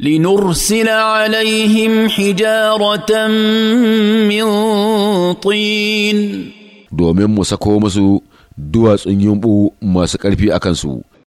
لنرسل عليهم حجارة من طين دومين مسكو مسو duwatsun yumɓu masu ƙarfi a kansu